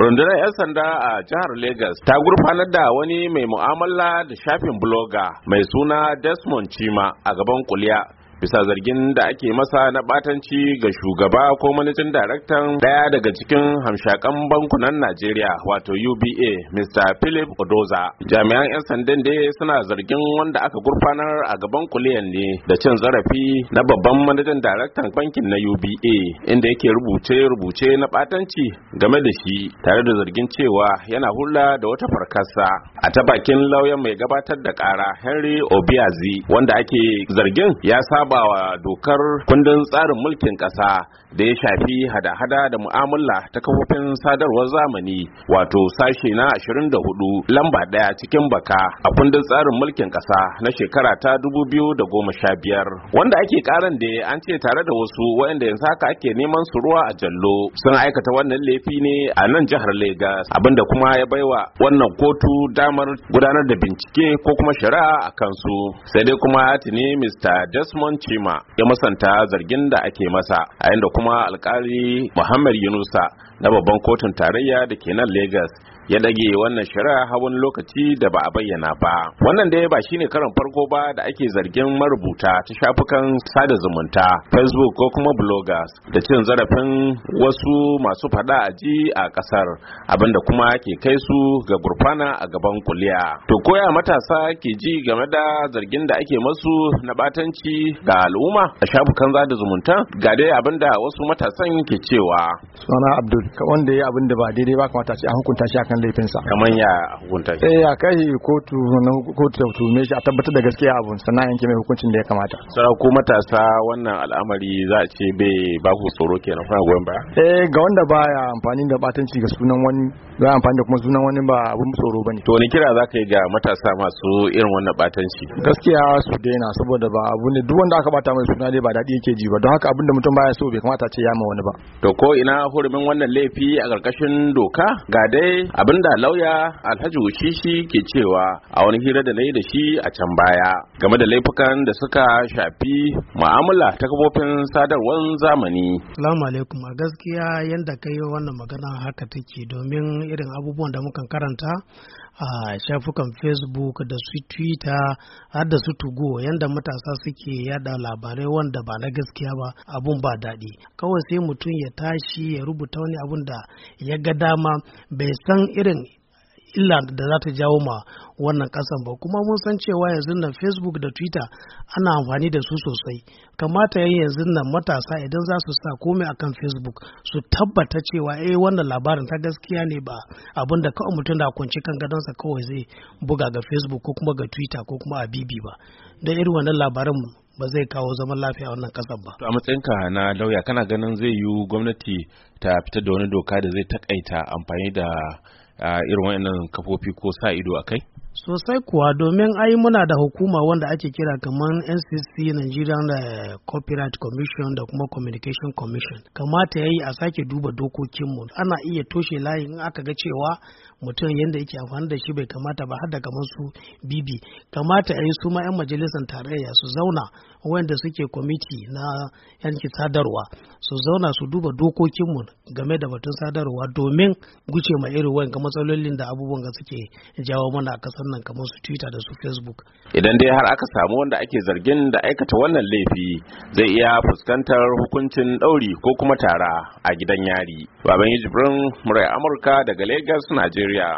rundunar 'yan sanda a jihar Legas ta gurfanar da wani mai mu'amala da shafin bloga mai suna Desmond Chima a gaban kuliya bisa zargin da ake masa na batanci ga shugaba ko manajan daraktan daya daga cikin hamshakan bankunan Najeriya wato UBA Mr. Philip Odoza. Jami'an 'yan sandan dai suna zargin wanda aka gurfanar a gaban kuliyan ne da cin zarafi na babban manajan daraktan bankin na UBA inda yake rubuce-rubuce na batanci game da shi tare da zargin cewa yana hula da wata farkasa a ta bakin lauyan mai gabatar da kara Henry Obiazi wanda ake zargin ya saba rabawa dokar kundin tsarin mulkin ƙasa da ya shafi hada-hada da mu'amala ta kafofin sadarwar zamani wato sashe na 24 lamba ɗaya cikin baka a kundin tsarin mulkin ƙasa na shekara ta 2015 wanda ake karan da an ce tare da wasu waɗanda yanzu haka ake neman su ruwa a jallo sun aikata wannan laifi ne a nan jihar Legas abinda kuma ya baiwa wannan kotu damar gudanar da bincike ko kuma shari'a a kansu sai dai kuma tuni Mr. Desmond Cima ya musanta zargin da ake masa a inda kuma alkali Muhammad Yunusa na babban kotun tarayya da ke nan Lagos ya dage wannan shari'a hawan lokaci da ba a bayyana ba wannan dai ba shine karan farko ba da ake zargin marubuta ta shafukan sada zumunta facebook ko kuma bloggers da cin zarafin wasu masu fada a ji a kasar abinda kuma ke kai su ga gurfana a gaban kuliya to koya matasa ke ji game da zargin da ake masu na batanci ga al'umma a shafukan sada zumunta ga dai abinda wasu matasan ke cewa suna abdul wanda ya abinda ba daidai ba kamata a hukunta shi akan akan laifinsa kamar ya hukunta shi eh ya kai kotu na kotu ta tume shi a tabbatar da gaskiya abun sannan yanke mai hukuncin da ya kamata sai ko matasa wannan al'amari za a ce bai babu ku tsoro kenan kuna goyon baya eh ga wanda baya amfani da batanci ga sunan wani za amfani da kuma sunan wani ba abun tsoro bane to ne kira za ka yi ga matasa masu irin wannan batanci gaskiya su daina saboda ba abu ne duk wanda aka bata mai suna dai ba daɗi yake ji ba don haka abinda mutum baya so bai kamata ce ya ma wani ba to ko ina hurumin wannan laifi a ƙarƙashin doka ga dai abinda lauya alhaji wushishi ke cewa a wani hira da na yi da shi a can baya game da laifukan da suka shafi mu'amala ta kafofin sadarwar zamani salamu alaikum a gaskiya yadda ka yi wannan magana haka take domin irin abubuwan da muka karanta a shafukan facebook da su twitter har da su tugo yadda matasa suke yada labarai wanda ba na gaskiya ba abun ba daɗi kawai sai mutum ya tashi ya rubuta wani abun da ya ga dama bai san irin illa da za ta jawo ma wannan kasan ba kuma mun san cewa yanzu nan facebook da twitter ana amfani da su sosai kamata yayin yanzu nan matasa idan za su sa komai akan facebook su tabbata cewa eh wannan labarin ta gaskiya ne ba abin da kawai mutum da kunci kan gadon sa kawai zai buga ga facebook ko kuma ga twitter ko kuma a bibi ba don irin wannan labarin ba zai kawo zaman lafiya a wannan kasan ba. A matsayinka na lauya kana ganin zai yi gwamnati ta fitar da wani doka da zai takaita amfani da irin wayannan kafofi ko sa ido a kai sosai kuwa domin ai muna da hukuma wanda ake kira kamar ncc nigerian eh, copyright commission da kuma communication commission kamata ya yi a sake duba dokokinmu ana iya toshe layi in aka ga cewa mutum yadda yake amfani da shi bai kamata ba har da kamar su bibi kamata ya yi su ma 'yan majalisar tarayya su zauna wanda suke kwamiti na yankin sadarwa su zauna su duba dokokinmu game da batun sadarwa domin guce ma irin wayan matsalolin da abubuwan ga suke jawo mana a kasar nan kamar su twitter da su facebook idan dai har aka samu wanda ake zargin da aikata wannan laifi zai iya fuskantar hukuncin ɗauri ko kuma tara a gidan yari baban yi jibrin murai amurka daga lagos nigeria